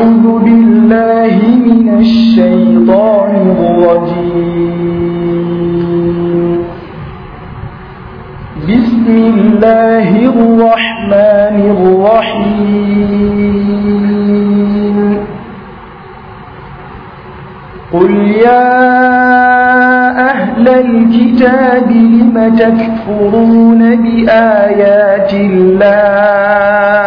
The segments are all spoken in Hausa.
أعوذ بالله من الشيطان الرجيم بسم الله الرحمن الرحيم قل يا أهل الكتاب لم تكفرون بآيات الله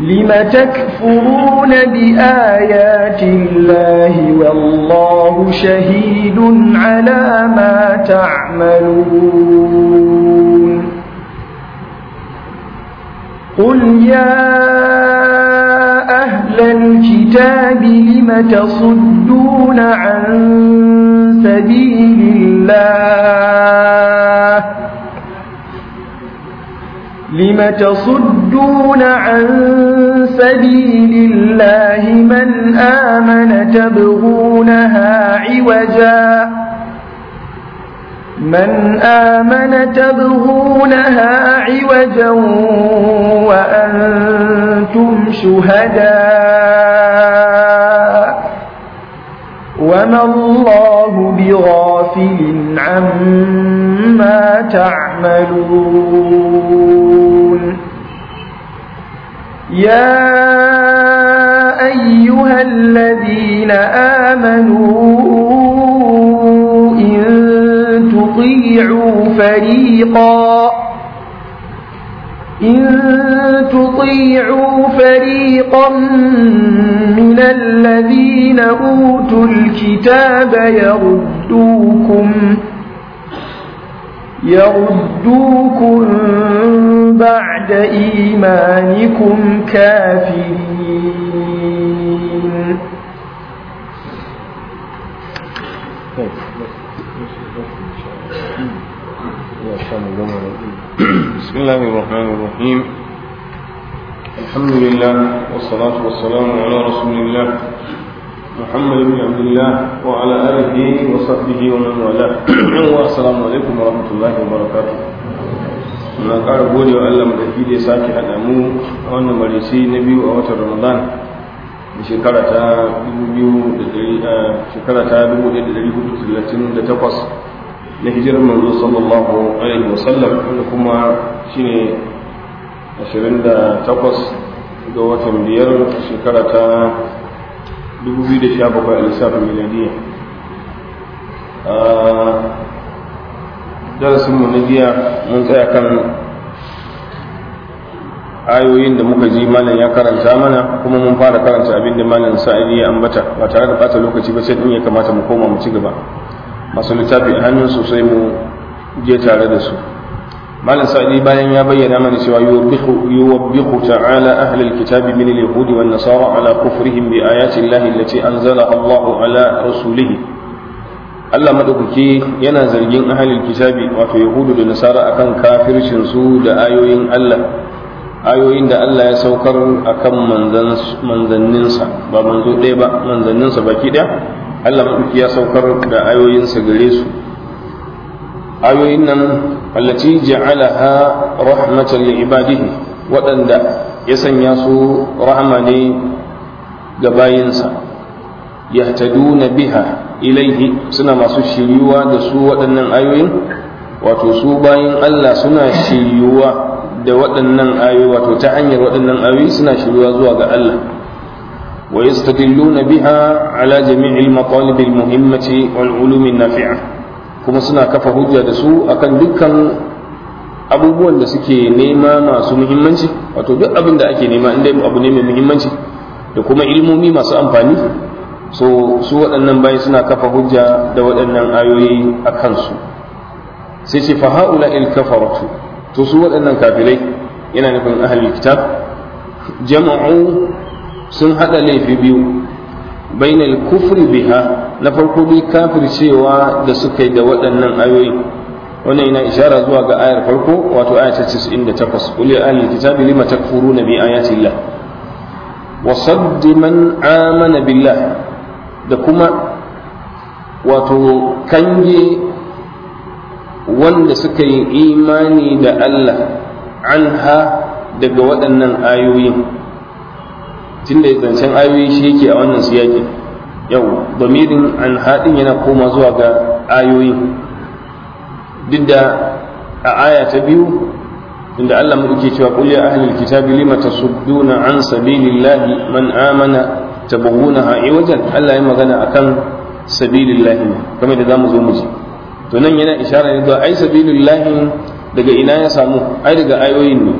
لم تكفرون بآيات الله والله شهيد على ما تعملون قل يا أهل الكتاب لم تصدون عن سبيل الله لم تصدون عن سبيل الله من آمن تبغونها عوجا من آمن تبغونها عوجا وأنتم شهداء وما الله بغافل عما تعملون يعلمون يا أيها الذين آمنوا إن تطيعوا فريقا إن تطيعوا فريقا من الذين أوتوا الكتاب يردوكم يردوكم بعد إيمانكم كافرين بسم الله الرحمن الرحيم الحمد لله والصلاة والسلام على رسول الله محمد بن عبد الله وعلى آله وصحبه ومن والاه والسلام عليكم ورحمة الله وبركاته muna ƙara gode wa Allah madaki da ya sake haɗa mu a wannan marisi na biyu a watan Ramadan da shekara ta takwas. na hijirar manzo sallallahu alaihi wasallam wanda kuma shine takwas ga watan biyar shekara ta 2017 a lissafin darasinmu na jiya mun tsaya kan ayoyin da muka ji malam ya karanta mana kuma mun fara karanta abin da malam sa'idi ya ambata ba tare da bata lokaci ba sai din ya kamata mu koma mu ci gaba masu littafi a hannun sosai mu je tare da su malam sa'idi bayan ya bayyana mana cewa yuwabbihu yuwabbihu ta'ala ahli alkitab min alyahud wan nasara ala kufrihim bi ayati allahi allati anzala Allah ala rasulihi Allah madaukaki yana zargin ahli alkitabi wato yahudu da nasara akan kafircin su da ayoyin Allah ayoyin da Allah ya saukar akan manzanninsa ba manzo ɗaya ba manzanninsa baki ɗaya Allah madaukaki ya saukar da ayoyinsa gare su ayoyin nan allati ja'alaha rahmatan li ibadihi ya sanya su rahama ne ga bayinsa yahtaduna biha ilaihi suna masu shiryuwa da su waɗannan ayoyin wato su bayin Allah suna shiryuwa da waɗannan ayoyi wato ta hanyar waɗannan ayoyi suna shiryuwa zuwa ga Allah wa yastadilluna biha ala jami'il maqalib al-muhimmati wal ulum an-nafi'a kuma suna kafa hujja da su akan dukkan abubuwan da suke nema masu muhimmanci wato duk abin da ake nema inda abu ne mai muhimmanci da kuma ilmomi masu amfani so su waɗannan bayi suna kafa hujja da waɗannan ayoyi a kansu sai ce fa il kafaratu to su waɗannan kafirai yana nufin ahalin kitab jama'u sun haɗa laifi biyu bainal kufri biha na farko bi kafircewa da suka yi da waɗannan ayoyi wannan yana ishara zuwa ga ayar farko wato aya ta 98 qul ya ahlul kitabi lima takfuruna bi ayati llah wa sadd man amana billah da kuma wato kange wanda suka yi imani da Allah anha daga waɗannan ayoyin tunda zancen ayoyi shi yake a wannan siyakin yau domin an haɗin yana koma zuwa ga ayoyi duk da a aya ta biyu inda Allah mu cewa kulli ahlil ahlul kitabi lima tasudduna an sabilillahi man amana tabghunaha iwajan Allah ya magana akan sabilillahi kamar da zamu zo mu ji to nan yana isharar da ai sabilillahi daga ina ya samu ai daga ayoyin ne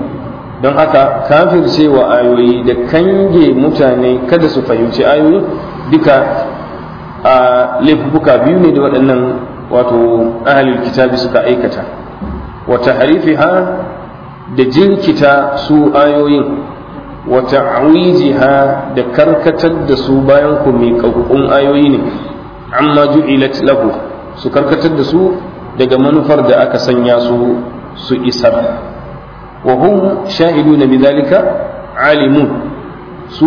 don haka wa ayoyi da kange mutane kada su fahimci ayoyi duka a laifuka biyu ne da waɗannan wato ahalin kitabi suka aikata wata harifiha da jirkita su ayoyin wata ha da karkatar da su bayan ku mai ƙaƙƙun ayoyi ne amma ju'ilat lahu su karkatar da su daga manufar da aka sanya su su isar wa sha'idu na bidhalika alimun su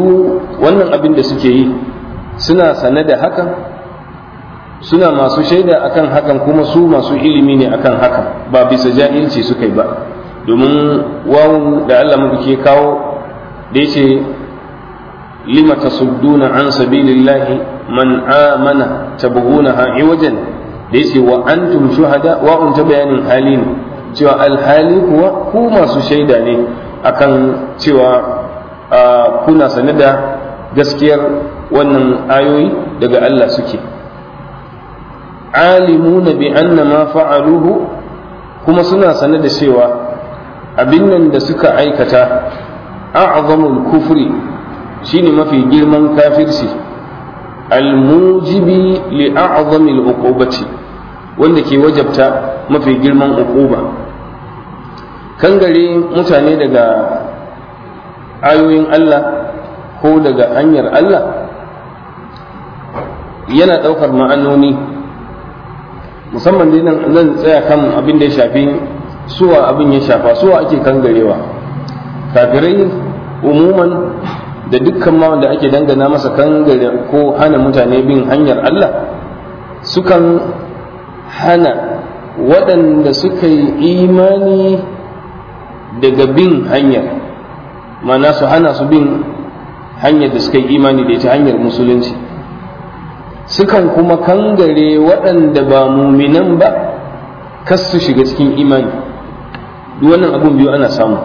wannan abin da suke yi suna sane da hakan suna masu shaida akan hakan kuma su masu ilimi ne akan hakan ba bisa jahilci suka yi ba domin wawu da Allah ke kawo da yace lima tasudduna an sabilillahi man amana tabghunaha iwajan da yace wa antum shuhada wa bayanin bayanin halin cewa alhali kuwa ku masu shaida ne akan cewa kuna sane da gaskiyar wannan ayoyi daga Allah suke alimuna bi anna ma fa'aluhu kuma suna sane da cewa abin nan da suka aikata a a'zamul kufri shine mafi girman kafirci almujibi li a'zamil uqubati wanda ke wajabta mafi girman ukuba. kangare mutane daga ayoyin Allah ko daga hanyar Allah yana ɗaukar ma'anoni musamman dai nan zan tsaya kan abin da ya shafi suwa abin ya shafa suwa ake kangarewa kafirai umuman da dukkan ma wanda ake dangana masa kangare ko hana mutane bin hanyar Allah sukan hana waɗanda suka yi imani daga bin hanyar mana su hana su bin hanyar da suka yi imani da ita hanyar musulunci sukan kuma kangare waɗanda ba muminan ba kas su shiga cikin imani duk wannan abun biyu ana samu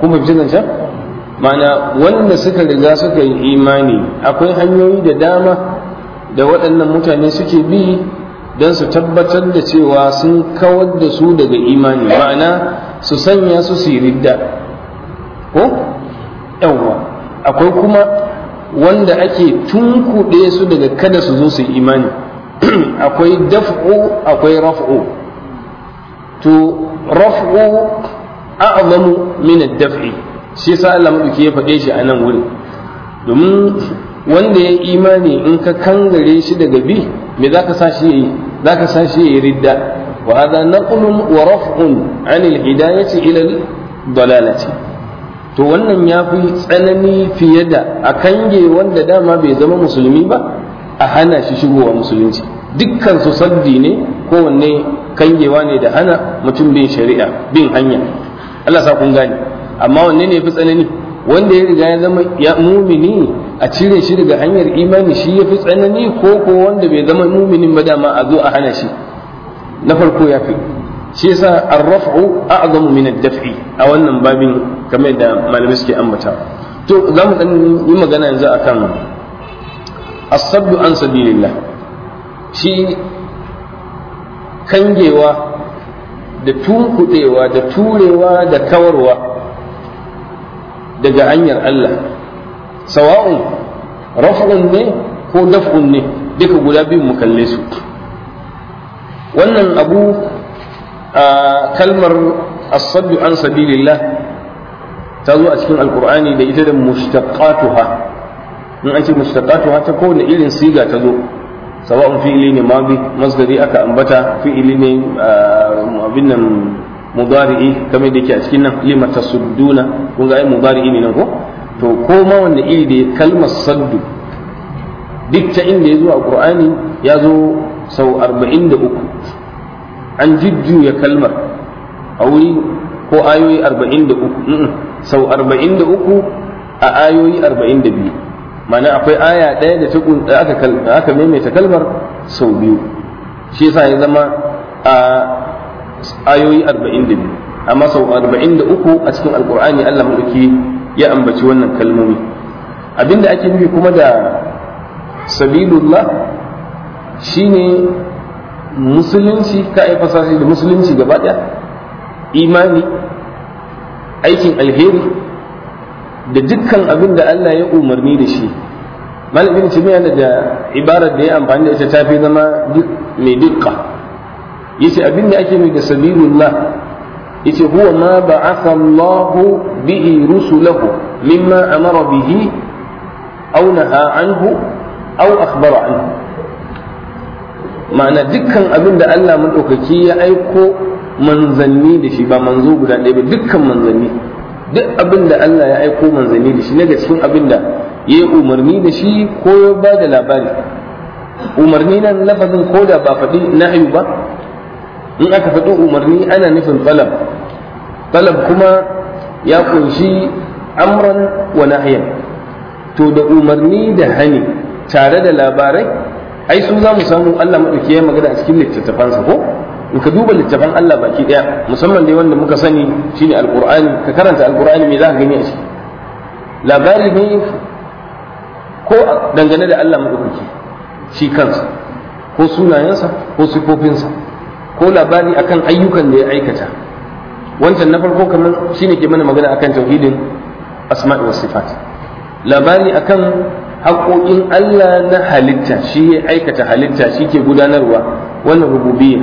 kuma fi can? Mana wanda suka riga suka yi imani akwai hanyoyi da dama da waɗannan mutane suke bi don su tabbatar da cewa sun kawar da su daga imani ma'ana su sanya su su ko yawwa akwai kuma wanda ake tunkuɗe su daga kada su zo su imani akwai daf'u akwai raf'u to raf'u a'zamu min ad-daf'i shi sa Allah maduki ya faɗe shi a nan wurin domin wanda ya imani in ka kangare shi daga bi me zaka ka sa shi yayi zaka san shi ridda wa hadha naqlun wa raf'un an al-hidayati to wannan ya fi tsanani fiye da a kange wanda dama bai zama musulmi ba a hana shi shigowa musulunci dukkan su saddi ne kowanne kangewa ne da hana mutum bin shari'a bin hanya Allah sa kun gane amma wanne ne fi tsanani wanda ya riga ya zama ya mumini a cire shi daga hanyar imani shi ya fi tsanani ko ko wanda bai zama muminin ba dama a zo a hana shi na farko ya fi shi yasa ar-raf'u a'zamu min ad-daf'i a wannan babin kamar da malamai suke ambata to za mu dan yi magana yanzu akan as-sabbu an sabilillah shi kangewa da tunkudewa da turewa da kawarwa daga hanyar Allah sawa'un raf'un ne ko daf'un ne duka guda biyu mu kalle su wannan abu a kalmar as-saddu an sabilillah ta zo a cikin alkur'ani da ita da mushtaqatuha in an ce mushtaqatuha ta kowane irin siga ta zo sawa'un fi'ili ne bi masdari aka ambata fi'ili ne abin nan mudari'i kamar da ke a cikin nan lima tasudduna kun ga ai mudari'i ne nan ko to ko ma wanda iri da kalmar saddu duk ta inda ya zo a ƙurani ya zo sau 43 an jujjuya kalmar a wuri ko ayoyi 43 sau 43 a ayoyi 42 mana akwai aya ɗaya da ta aka maimaita kalmar sau biyu shi yasa ya zama a ayoyi 42 amma sau 43 a cikin alƙur'ani Allah mulki ya ambaci wannan kalmomi abinda ake nufi kuma da sabilullah shine musulunci ka yi fasashi da musulunci gaba ɗaya imani aikin alheri da dukkan abin Allah ya umarni da shi malamin cimiya da ibarar da ya amfani da ita ta fi zama mai dukka yace abinda da ake mai da sabilullah yace huwa ma ba'atha Allah bihi rusulahu mimma amara bihi aw naha anhu aw akhbara anhu ma'ana dukkan abin da Allah madaukaki ya aiko manzanni da shi ba manzo guda ɗaya ba dukkan manzanni duk abin da Allah ya aiko manzanni da shi daga cikin abin da ya yi umarni da shi ko ya ba da labari umarni nan lafazin ko da ba faɗi na'ayu ba in aka faɗi umarni ana nufin talab talab kuma ya kunshi amran wa nahyan to da umarni da hani tare da labarai ai su za mu samu Allah maɗauki ya magana a cikin littattafansa ko in ka duba littafan Allah baki ɗaya musamman dai wanda muka sani shine alqur'ani ka karanta alqur'ani me za ka gani a ciki labari ne ko dangane da Allah maɗaukaki shi kansa ko sunayensa ko sifofinsa ko labari akan ayyukan da ya aikata wancan na farko kamar shine ke mana magana akan tauhidin asma'i was sifat labari akan haƙoƙin Allah na halitta shi ya aikata halitta shi ke gudanarwa wannan rububiyya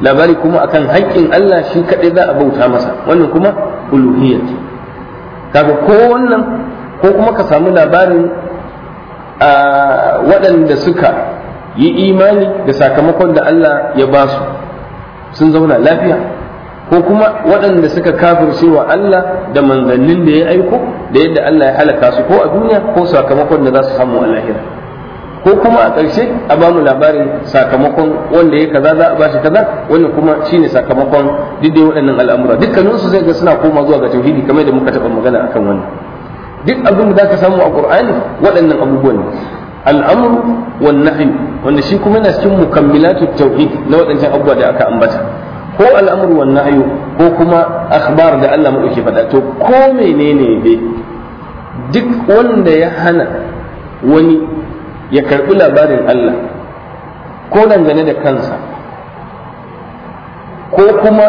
labari kuma akan haƙƙin Allah shi kaɗai za a bauta masa wannan kuma uluhiyya ce kaga ko wannan ko kuma ka samu labarin waɗanda suka yi imani da sakamakon da Allah ya ba su sun zauna lafiya ko kuma waɗanda suka kafir cewa Allah da manzannin da ya aiko da yadda Allah ya halaka su ko a duniya ko sakamakon da za su samu a lahira ko kuma a ƙarshe a ba mu labarin sakamakon wanda ya kaza za a ba shi kaza wannan kuma shine sakamakon dai waɗannan al'amura dukkanin su zai ga suna koma zuwa ga tauhidi kamar da muka taɓa magana akan wannan duk abin da ka samu a ƙur'ani waɗannan abubuwan ne al'amru wan wanda shi kuma yana cikin mukammilatu tauhid na waɗancan abubuwa da aka ambata ko al'amru wan nahyu ko kuma akhbar da Allah mu faɗa to ko menene ne duk wanda ya hana wani ya karɓi labarin Allah ko dangane da kansa ko kuma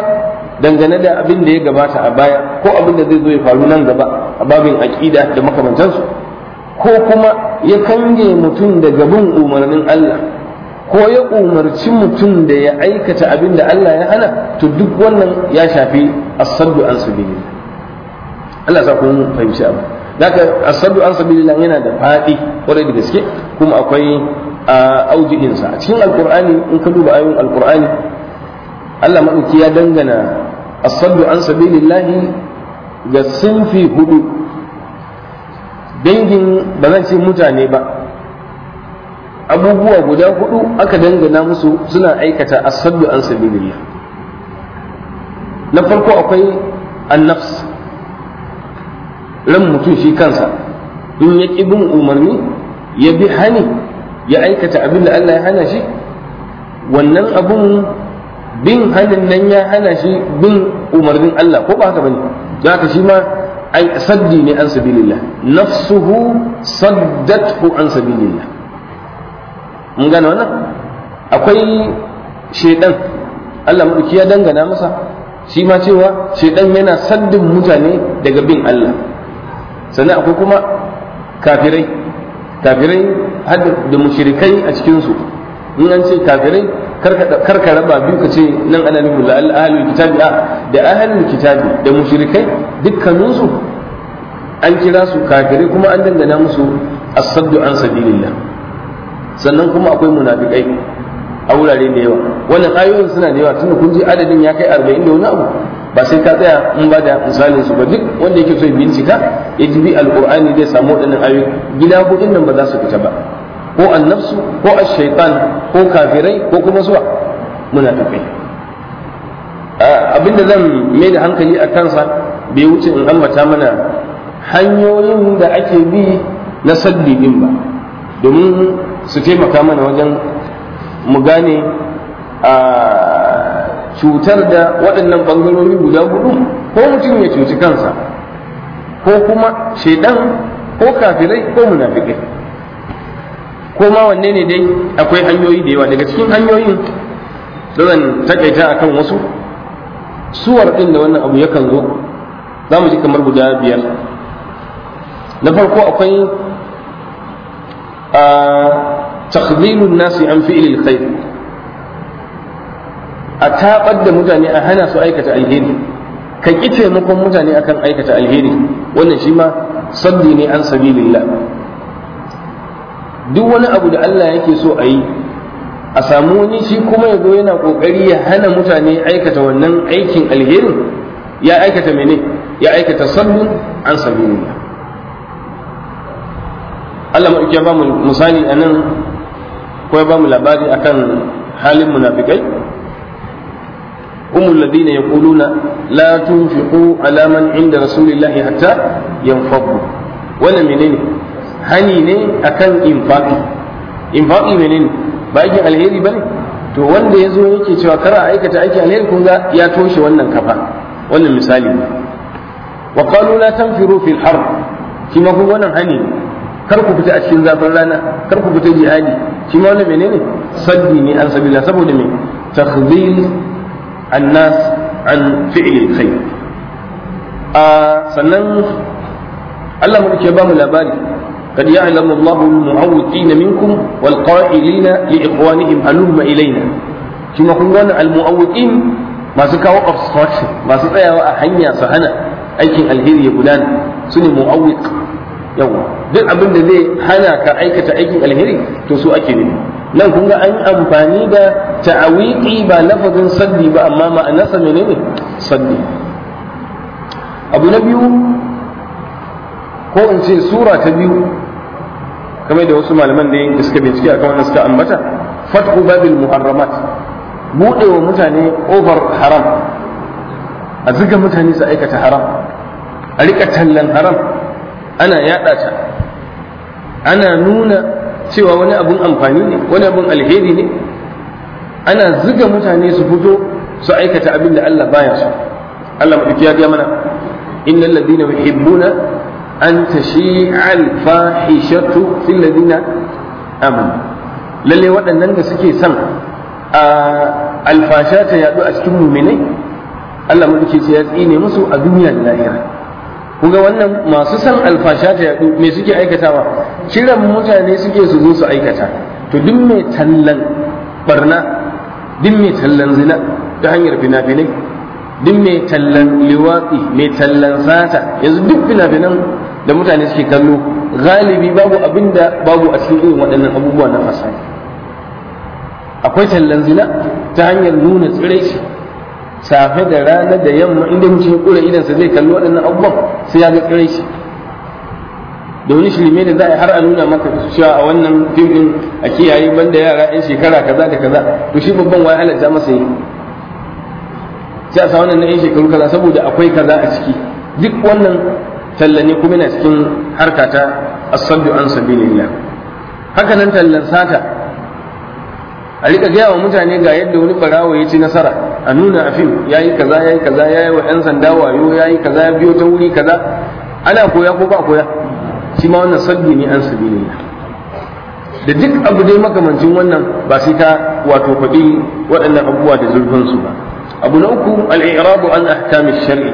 dangane da abin da ya gabata a baya ko abin da zai zo ya faru nan gaba a babin aƙida da makamantansu ko kuma ya kange mutum daga bin umarnin Allah ko ya umarci mutum da ya aikata abin da Allah ya hana to duk wannan ya shafi asaddu an Allah sa kun fahimci abu daga asaddu an sabilillah yana da fadi kwarai da gaske kuma akwai aujidin sa a cikin alqur'ani in ka duba ayoyin alqur'ani Allah madauki ya dangana asaddu an sabilillah ga sunfi hudu dangin ba zan ce mutane ba abubuwa guda hudu aka dangana musu suna aikata asaddu an sabilillah na farko akwai annafs ran mutum shi kansa in ya ƙi bin umarni ya bi hani ya aikata abin da Allah ya hana shi wannan abun bin hanin nan ya hana shi bin umarnin Allah ko ba haka bane Za ka shi ma Ai saddi ne an sabilillah nafsuhu saddathu an sabilillah mun gane wannan akwai shedan Allah madauki ya dangana masa shi ma cewa shedan yana saddin mutane daga bin Allah sannan akwai kuma kafirai kafirai da mushrikai a cikin su in an ce kafirai karka raba biyu ka ce nan ana nufin da kitabi a da ahalul kitabi da mushrikai dukkaninsu an kira su kafirai kuma an dangana musu asaddu an sabilillah sannan kuma akwai munafikai a wurare da yawa wannan ayoyin suna da yawa tunda kun ji adadin ya kai 40 da wani abu ba sai ka tsaya in ba da misalin su ba duk wanda yake so ya bincika ya ji bi alqur'ani zai samu waɗannan ayoyi gida hudun nan ba za su fita ba ko annabsu, ko ashaitan ko kafirai ko kuma zuwa munafikai abinda zan mai da hankali a kansa bai wuce in ambata mana hanyoyin da ake bi na salli din ba domin su taimaka mana wajen mu gane a cutar da waɗannan ɓangarori guda hudu ko mutum ya cuci kansa ko kuma shaidan ko kafirai ko munafikai ko ma wanne ne dai akwai hanyoyi da yawa daga cikin hanyoyin da zan takaita akan wasu suwar din da wannan abu yakan zo za mu ji kamar guda biyar na farko akwai a takhdhilun nasi an ilil khair a tabar da mutane a hana su aikata alheri ka ki taimakon mutane akan aikata alheri wannan shi ma saddi ne an sabilillah duk wani abu da Allah yake so a yi a samu wani shi kuma ya zo yana kokari ya hana mutane aikata wannan aikin alherin ya aikata mene ya aikata sallu an sabilillah Allah maɗauki ya ba mu misali a nan ko ya ba mu labari akan halin munafikai هم الذين يقولون لا تنفقوا على من عند رسول الله حتى ينفضوا ولا منين hani ne akan infaqi infaqi ne ba aikin alheri bane to wanda ya zo yake cewa kara aikata aikin alheri kun ga ya toshe wannan kafa wannan misali ne wa qalu la tanfiru fil harb shi ma wannan hani kar ku fita a cikin zafin rana kar ku fita jihadi shi ma wannan menene saddi ne an sabila saboda me takhdhil annas an fi'li khair a ah, sannan Allah mu ke ba mu labari قد يعلم الله المعوقين منكم والقائلين لإخوانهم هلم إلينا كما قلنا المعوقين ما سكوا obstruction ما سكوا hanya su hana aikin alheri ya gudana su ne yawa duk abin da zai hana ka aikata aikin alheri to su ake nufi nan kun ga an amfani da ta'awiqi ba lafazin salli ba amma ma'anarsa menene salli abu na biyu ko in ce sura ta biyu kamar da wasu malaman da da suka bincike akan wannan suka ambata fatku babil muharramat bude wa mutane over haram a zuga mutane su aikata haram a rika tallan haram ana yada ta ana nuna cewa wani abun amfani ne wani abun alheri ne ana zuga mutane su fito su aikata abin da Allah baya so Allah madauki ya ga mana innal ladina yuhibbuna an tashi'a al-fahishatu fil ladina amanu lalle waɗannan da suke son alfasha ta yaɗu a cikin muminai Allah mulki ce ya tsine musu a duniya da lahira kuga wannan masu son alfasha ta yadu me suke aikatawa kiran mutane suke su zo su aikata to duk mai tallan barna duk mai tallan zina ta hanyar fina-finai duk mai tallan liwaƙi, mai tallan sata yanzu duk fina-finan da mutane suke kallo galibi babu abinda babu a cikin irin waɗannan abubuwa na fasali akwai tallan zina ta hanyar nuna tsiraici safe da rana da yamma inda mutum ya idan sa zai kalli waɗannan abubuwan sai ya ga tsiraici da wani shirme da za a yi har a nuna maka cewa a wannan fim a kiyaye banda yara yan shekara kaza da kaza to shi babban wai halatta masa yi sai a sa wannan na yan shekaru kaza saboda akwai kaza a ciki duk wannan tallani kuma yana cikin harka ta asaddu an sabilillah haka nan tallan sata a rika gaya wa mutane ga yadda wani barawo ya ci nasara a nuna a fim ya yi kaza ya yi kaza ya yi wa 'yan sanda wayo ya yi kaza ya biyo ta wuri kaza ana koya ko ba koya shi ma wannan sabbi ne an sabilillah da duk abu dai makamancin wannan ba sai ka wato faɗi waɗannan abubuwa da zurfin su ba abu na uku al-i'rabu an ahkami shar'i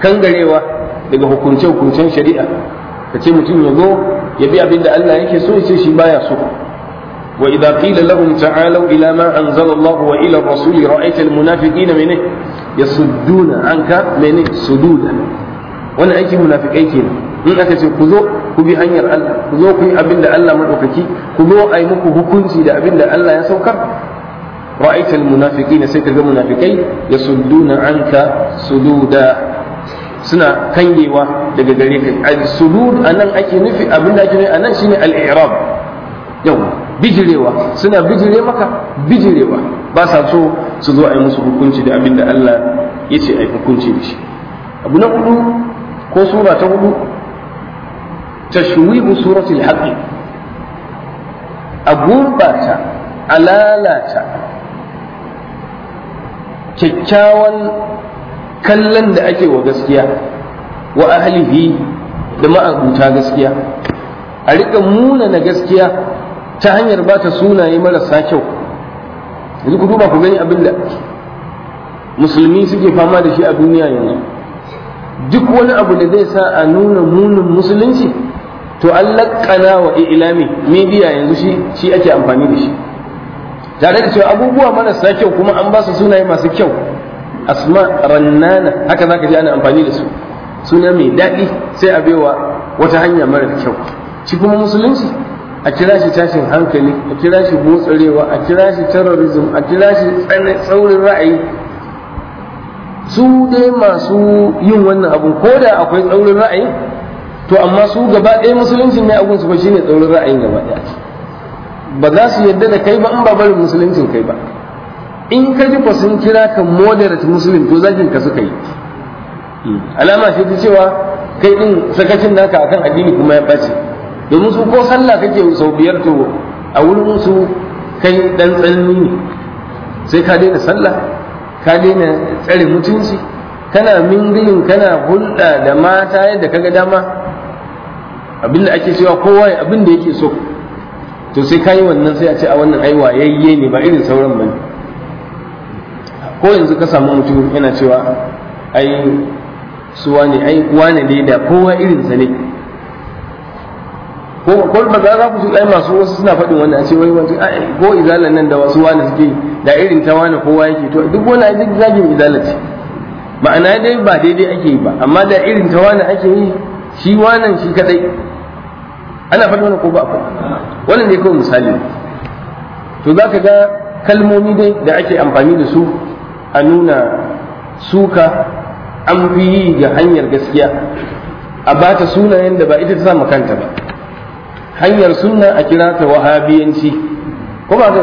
kangarewa daga hukunce-hukuncen shari'a ka ce mutum ya zo ya bi abin da Allah yake so ya ce shi baya so wa idza qila lahum ta'alu ila ma anzala Allah wa ila ar-rasul ra'aita al-munafiqina mene yasudduna anka mene sududa wannan aikin munafikai kenan in aka ce ku zo ku bi hanyar Allah ku zo ku yi abin da Allah madaukaki ku zo ai muku hukunci da abin da Allah ya saukar ra'aita al-munafiqina sai ka ga munafikai yasudduna anka sududa suna kanyewa daga gare ka al-sulud anan ake nufi da ake nufi anan shine al-i'rab yau bijirewa suna bijire maka bijirewa ba sa so su zo a yi musu hukunci da abinda Allah ya ce a yi hukunci da shi abu na hudu ko sura ta hudu tashwibu surati al a gurbata a lalata kyakkyawan kallon da ake wa gaskiya wa ahlihi da ma'abuta gaskiya a riƙa munana gaskiya ta hanyar ba ta sunaye marasa kyau yanzu ku duba ku gani abin da musulmi suke fama da shi a duniya yanzu duk wani abu da zai sa a nuna munin musulunci to an laƙana wa ilami media yanzu shi shi ake amfani da shi tare da cewa abubuwa marasa kyau kuma an ba su sunaye masu kyau asma rannana haka zaka ji ana amfani da su suna mai daɗi sai a baiwa wata hanya mara kyau shi kuma musulunci a kira shi tashin hankali a kira shi motsarewa a kira shi terrorism a kira shi tsaurin ra'ayi su dai masu yin wannan abun ko da akwai tsaurin ra'ayi to amma su gaba ɗaya musulunci mai abun su ba shine tsaurin ra'ayin gaba ɗaya ba za su yarda da kai ba in ba barin musuluncin kai ba in ka ji ba sun kira ka moderate muslim to zagin ka suka yi hmm. alama ce ta cewa kai din sakacin naka akan addini kuma ya bace domin su ko sallah kake sau biyar to a wurin su kai dan tsanni ne sai ka daina sallah ka daina tsare mutunci kana mingilin kana hulɗa da mata yadda kaga dama Abin da ake cewa kowa abin da yake so to sai kayi wannan sai a ce a wannan aiwa yayye ne ba irin sauran bane ko yanzu ka samu mutum yana cewa ai su wane ai wane ne da kowa irin sa ne ko ko ba za ku su ai masu wasu suna faɗin wannan a ce wai wani ai ko izalan nan da wasu wane suke da irin ta wane kowa yake to duk wani ai duk zagin izala ce ma'ana dai ba daidai ake yi ba amma da irin ta wane ake yi shi wanan shi kadai ana faɗin wannan ko ba ku wannan ne kawai misali to za ka ga kalmomi dai da ake amfani da su a nuna suka an fi yi ga hanyar gaskiya a ba ta sunayen da ba ita ta samu kanta ba hanyar suna a kira ta wahabiyanci ko ba ka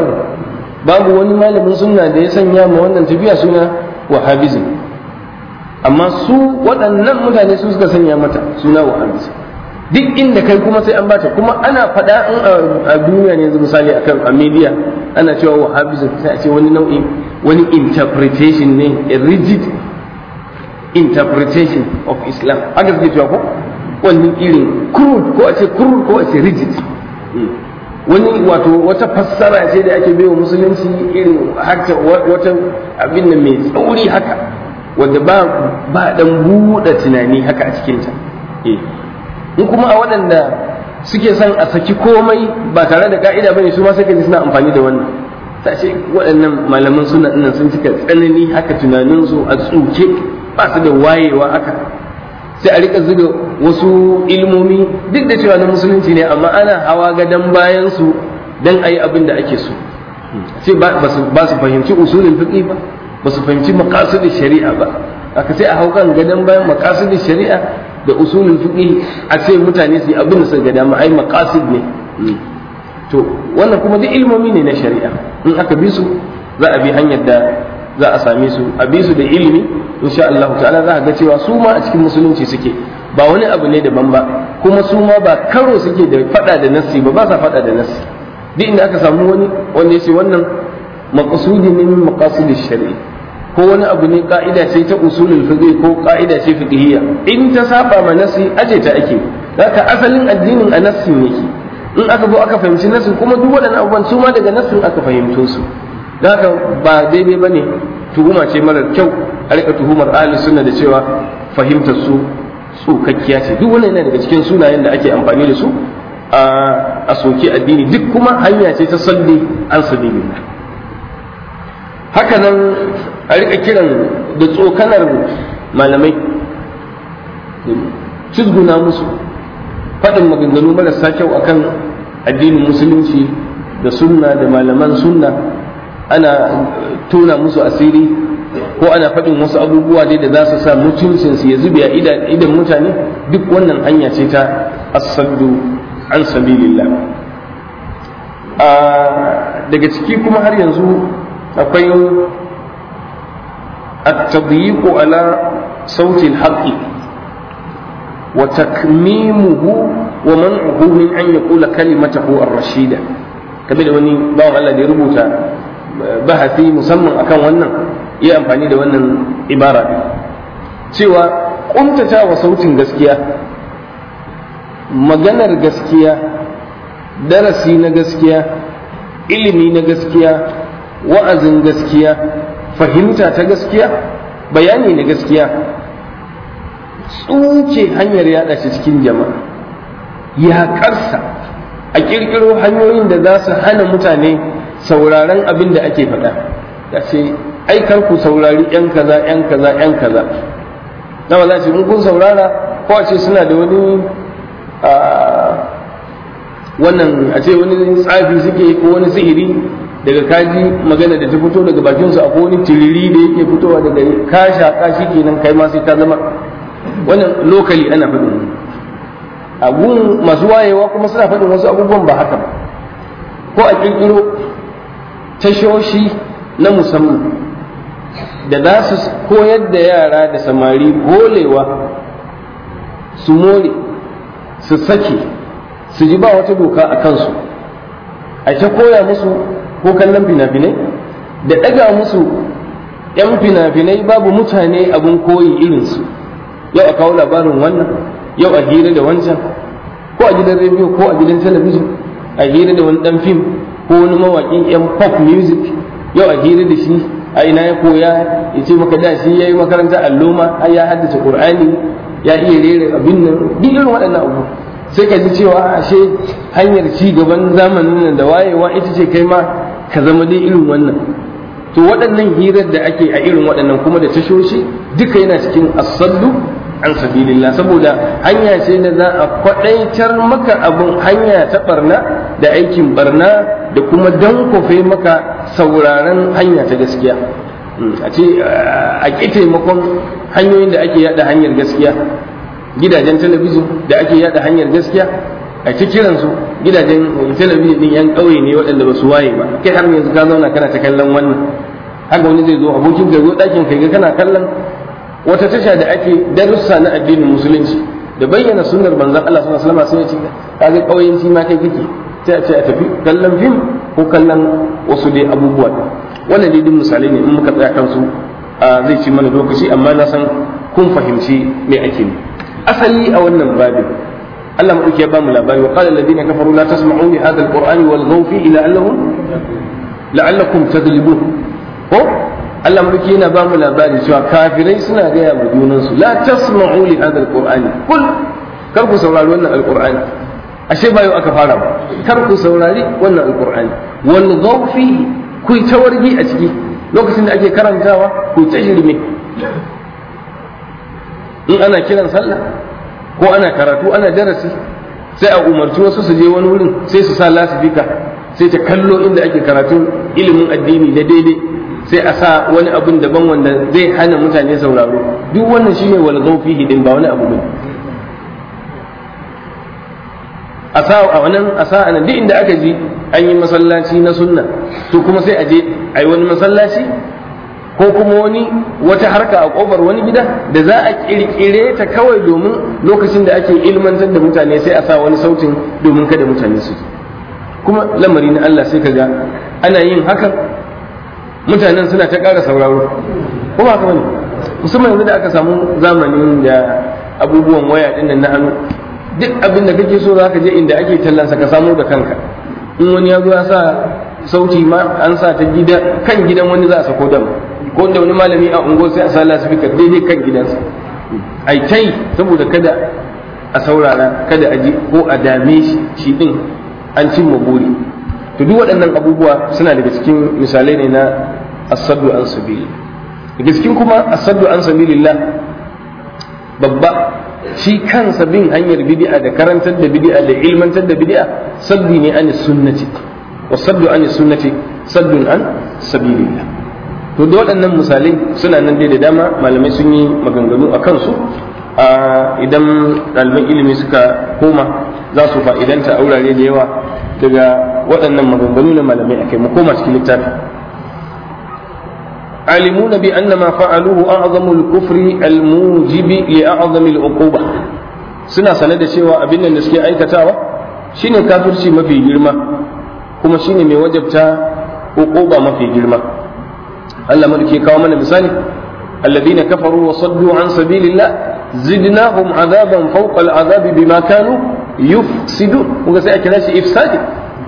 babu wani malamin suna da ya sanya ma wannan tafiya suna wahabism amma su waɗannan mutane su suka sanya mata suna wahabism duk inda kai kuma sai an bata kuma ana faɗa a duniya ne yanzu misali akan a media ana cewa wahabism sai a ce wani nau'in wani interpretation ne a rigid interpretation of islam haka suke cewa ko wani irin crude ko a ce crude ko a ce rigid hmm. wani wato wata fassara ce da ake bewa musulunci irin haka wata abin da mai tsauri haka wanda ba ba dan buɗe tunani haka a cikin ta eh. in kuma a waɗanda suke son a saki komai ba tare da ka'ida bane su ma sai ka ji suna amfani da wannan tashe waɗannan malaman suna nan sun cika tsanani haka tunaninsu a tsuke ba su da wayewa haka sai a rika zuga wasu ilmomi duk da cewa na musulunci ne amma ana hawa gadon bayansu don a yi abin da ake so sai ba su fahimci usulin fiƙi ba ba su fahimci makasudin shari'a ba aka sai a hau kan gadon bayan makasudin shari'a da usulin fiƙi a sai mutane su yi abin da su ga dama ai ne hmm. to wannan kuma duk ilmomi ne na shari'a in aka bi su za a bi hanyar da za a same su a bi su da ilimi insha Allah ta'ala za a ga cewa su ma a cikin musulunci suke ba wani abu ne daban ba kuma su ma ba karo suke da fada da nassi ba ba sa fada da nassi duk inda aka samu wani wanda ya wannan maqsudi ne min maqasidi shari'i ko wani abu ne ka'ida ce ta usulul fiqh ko ka'ida ce fiqhiyya in ta saba ma nassi aje ta ake haka asalin addinin a nassin yake in aka zo aka fahimci nasin kuma duk waɗannan abubuwan su ma daga nasin aka fahimto su Da haka ba daidai ba ne tuhuma ce marar kyau a rika tuhumar ahli sunna da cewa fahimtar su tsokakkiya ce duk wannan yana daga cikin sunayen da ake amfani da su a soke addini duk kuma hanya ce ta salli an sabilillah haka nan a rika kiran da tsokanar malamai cizguna musu faɗin maganganu marasa kyau akan addinin musulunci da sunna da malaman sunna ana tona musu asiri ko ana faɗin wasu abubuwa dai da za su sa su ya zube a idan mutane duk wannan hanya ce ta asaddu an sabilillah daga ciki kuma har yanzu akwai التضييق على صوت الحق وتكميمه wa man'uhu min an yaqula mata ar-rashida kabe da wani bawan Allah da ya rubuta eh, bahasi musamman akan wannan ya amfani da wannan ibara cewa kuntata wa sautin gaskiya maganar gaskiya darasi na gaskiya ilimi na gaskiya wa'azin gaskiya fahimta ta gaskiya bayani na gaskiya tsuke hanyar yada shi cikin jama'a yaƙarsa a ƙirƙiro hanyoyin da za su hana mutane sauraron abin da ake faɗa ya ce ai ku saurari yan kaza yan kaza yan kaza na ba za ce kun saurara ko a ce suna da wani wannan a ce wani tsafi suke ko wani sihiri daga kaji magana da ta fito daga bakinsu a wani tiriri da yake fitowa daga kasha kashi kenan kai ma sai ta zama wannan lokali ana faɗin a gun masu wayewa kuma suna faɗin wasu abubuwan ba haka ba ko a ƙirƙiro tashoshi na musamman da za su koyar da yara da samari golewa su more su sake su ji ba wata doka a kansu a ta koya musu ko kallon fina-finai da ɗaga musu 'yan fina-finai babu mutane abin koyi irinsu yau a kawo labarin wannan yau a hira da wancan ko a gidan rediyo ko a gidan talabijin a hira da wani dan fim ko wani mawaƙin yan pop music yau a hira da shi a ina ya koya ya ce maka da shi ya yi makaranta alloma har ya haddace qur'ani ya iya rera abin nan duk irin waɗannan abu sai ka ji cewa ashe hanyar ci gaban zamanin nan da wayewa ita ce kai ma ka zama dai irin wannan to waɗannan hirar da ake a irin waɗannan kuma da tashoshi duka yana cikin asallu an sabilillah saboda hanya ce da za a kwadaitar maka abin hanya ta barna da aikin barna da kuma dankofe maka sauraron hanya ta gaskiya hmm, a ce a ƙi taimakon hanyoyin da ake yada hanyar gaskiya gidajen talabijin da ake yada hanyar gaskiya a ci kiransu gidajen talabijin din yan ƙauye ne waɗanda ba su waye ba kai har yanzu ka zauna kana ta kallon wannan haka wani zai zo abokin ka zo ɗakin kai ga kana kallon wata tasha da ake darussa na addinin musulunci da bayyana sunnar manzon Allah sallallahu alaihi wasallam sai ya ce kaga kauyanci ma kai kike sai a ce a tafi kallon fim ko kallon wasu dai abubuwa wannan dai duk misalai ne in muka tsaya kansu zai ci mana lokaci amma na san kun fahimci me ake ne asali a wannan babin Allah madauki ya bamu labari wa qala alladhina kafaru la tasma'u li hadha alqur'ani wal ghawfi ila annahum la'allakum tadlibun ko Allah mulki yana ba mu labari cewa kafirai suna gaya wa junansu la tasma'u li hadha alqur'ani kul kar ku saurari wannan alqur'ani ashe ba yau aka fara ba kar ku saurari wannan alqur'ani wal ghawfi ku tawargi a ciki lokacin da ake karantawa ku ta in ana kiran sallah ko ana karatu ana darasi sai a umarci wasu su je wani wurin sai su sa lasifika sai ta kallo inda ake karatun ilimin addini da daidai sai a sa wani abun daban wanda zai hana mutane sauraro duk wannan shine wal ghawfihi din ba wani abu ne. a sa a wannan a sa anan duk inda aka ji an yi masallaci na sunna to kuma sai a je a yi wani masallaci ko kuma wani wata harka a kofar wani gida da za a kirkire ta kawai domin lokacin da ake ilmantar da mutane sai a sa wani sautin domin kada mutane su kuma lamari na Allah sai kaga ana yin hakan mutanen suna ta ƙara sauraro kuma haka bane musamman yanzu da aka samu zamani da abubuwan waya ɗin na hannu duk abin da kake so zaka je inda ake tallansa ka samu da kanka in wani ya zo ya sa sauti ma an sa ta gida kan gidan wani za a sako dam ko da wani malami a ungo sai a sa lasifika daidai kan gidansa ai kai saboda kada a saurara kada a ji ko a dame shi shi din an cimma buri to duk waɗannan abubuwa suna daga cikin misalai ne na asaddu an sabili daga cikin kuma asaddu an sabilillah babba shi kansa bin hanyar bid'a da karantar da bid'a da ilmantar da bid'a saddi ne an sunnati wa saddu an sunnati saddun an sabilillah to da waɗannan misalai suna nan dai da dama malamai sun yi maganganu a kansu idan ɗaliban ilimi suka koma za su fa'idanta a wurare da yawa daga waɗannan maganganu na malamai akai mu koma cikin littafi alimun bi anna ma kufri al-mujibi li a'zami al suna sane da cewa abin da suke aikatawa shine kafirci mafi girma kuma shine mai wajabta uquba mafi girma Allah mu ke kawo mana misali alladhina kafaru wa saddu an sabilillah zidnahum azaban fawqa al-azabi bima yuf yufsidun kuma sai a kira shi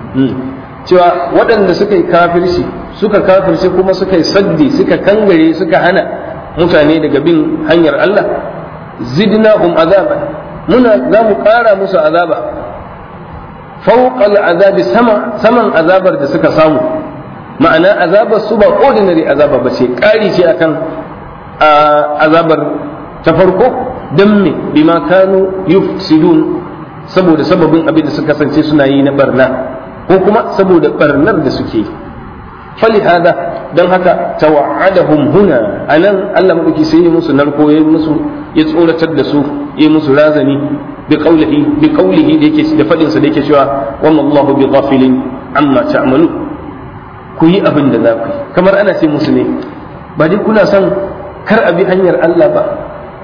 Hmm. cewa waɗanda suka yi kafirci suka kafirci kuma suka yi saddi suka kangare suka hana mutane daga bin hanyar Allah zidnahum azaba muna za mu ƙara musu azaba Fauƙar azabi saman azabar da suka samu ma'ana azabar su ba ordinary azaba ba ce ƙari ce akan azabar ta farko dan me bima kanu yufsidun saboda sababin abin da suka kasance suna yi na barna ko kuma saboda barnar da suke fali hada don haka tawa'adahum huna nan Allah madauki sai ya musu narko ya musu ya tsoratar da su ya musu razani bi qaulihi bi qaulihi da yake da fadin sa da yake cewa wa Allahu bi ghafilin amma ta'malu ku yi abin da za ku yi kamar ana sai musu ne ba dai kuna son kar a bi hanyar Allah ba